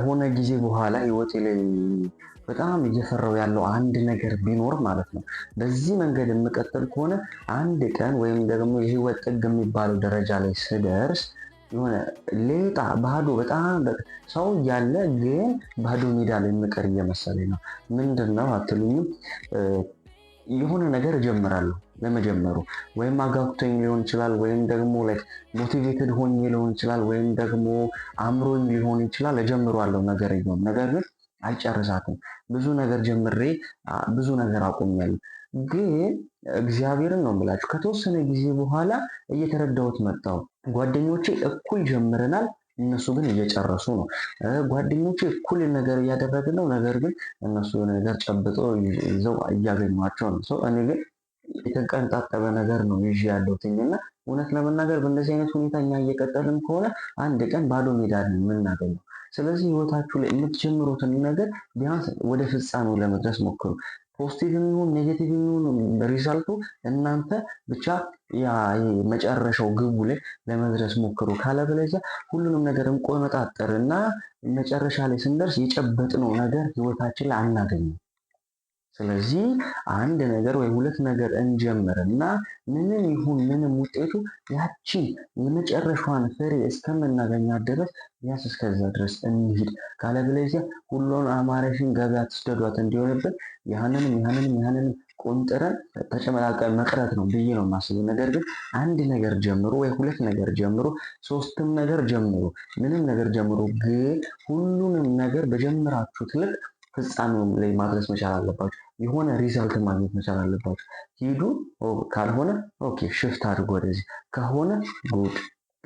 ከሆነ ጊዜ በኋላ ህይወቴ ላይ በጣም እየፈራው ያለው አንድ ነገር ቢኖር ማለት ነው፣ በዚህ መንገድ የምቀጥል ከሆነ አንድ ቀን ወይም ደግሞ የህይወት ጥግ የሚባለው ደረጃ ላይ ስደርስ የሆነ ሌጣ ባዶ በጣም ሰው እያለ ግን ባዶ ሜዳ ላይ የምቀር እየመሰለኝ ነው። ምንድን ነው አትሉኝም? የሆነ ነገር እጀምራለሁ ለመጀመሩ ወይም አጋብቶኝ ሊሆን ይችላል፣ ወይም ደግሞ ሞቲቬትድ ሆኜ ሊሆን ይችላል፣ ወይም ደግሞ አምሮኝ ሊሆን ይችላል። እጀምሯለሁ ነገር ይሆን ነገር ግን አልጨርሳትም። ብዙ ነገር ጀምሬ ብዙ ነገር አቆሚያለሁ። ግን እግዚአብሔርን ነው የምላችሁ ከተወሰነ ጊዜ በኋላ እየተረዳሁት መጣሁ። ጓደኞቼ እኩል ጀምረናል እነሱ ግን እየጨረሱ ነው። ጓደኞቹ እኩል ነገር እያደረግን ነው። ነገር ግን እነሱ ነገር ጨብጦ ይዘው እያገኟቸው ነው። ሰው እኔ ግን የተቀንጣጠበ ነገር ነው ይዤ ያለሁትኝ እና እውነት ለመናገር በእንደዚህ አይነት ሁኔታ እኛ እየቀጠልን ከሆነ አንድ ቀን ባዶ ሜዳ የምናገኘው። ስለዚህ ህይወታችሁ ላይ የምትጀምሩትን ነገር ቢያንስ ወደ ፍጻሜው ለመድረስ ሞክሩ። ፖዝቲቭ ይሁን ኔጌቲቭ ይሁን ሪዛልቱ እናንተ ብቻ መጨረሻው ግቡ ላይ ለመድረስ ሞክሩ። ካለበለዚያ ሁሉንም ነገር እንቆመጣጠር እና መጨረሻ ላይ ስንደርስ የጨበጥነው ነገር ህይወታችን ላይ አናገኝም። ስለዚህ አንድ ነገር ወይም ሁለት ነገር እና ምንም ይሁን ምንም ውጤቱ ያቺን የመጨረሻዋን ፍሬ እስከምናገኛት ድረስ ያስ እስከዛ ድረስ እንሂድ። ካለበለዚያ ሁሉን አማራሽን ገበያ ትስደዷት እንዲሆንብን ያንንም ያንንም ያንንም ቁንጥረን ተጨመላቀል መቅረት ነው ብዬ ነው የማስበው። ነገር ግን አንድ ነገር ጀምሮ ወይ ሁለት ነገር ጀምሮ ሶስትም ነገር ጀምሮ ምንም ነገር ጀምሮ ግን ሁሉንም ነገር በጀምራችሁት ልክ ፍጻሜ ላይ ማድረስ መቻል አለባችሁ። የሆነ ሪዛልት ማግኘት መቻል አለባችሁ። ሂዱ ካልሆነ ኦኬ ሽፍት አድርጎ ወደዚህ ከሆነ ጉድ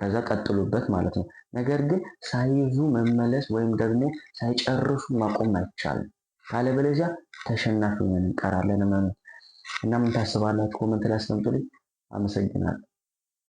ከዛ ቀጥሉበት ማለት ነው። ነገር ግን ሳይዙ መመለስ ወይም ደግሞ ሳይጨርሱ ማቆም አይቻልም። ካለበለዚያ ተሸናፊ ሆነን እንቀራለን። እና ምን ታስባላችሁ? ኮመንት ላይ አስቀምጡልኝ። አመሰግናለሁ።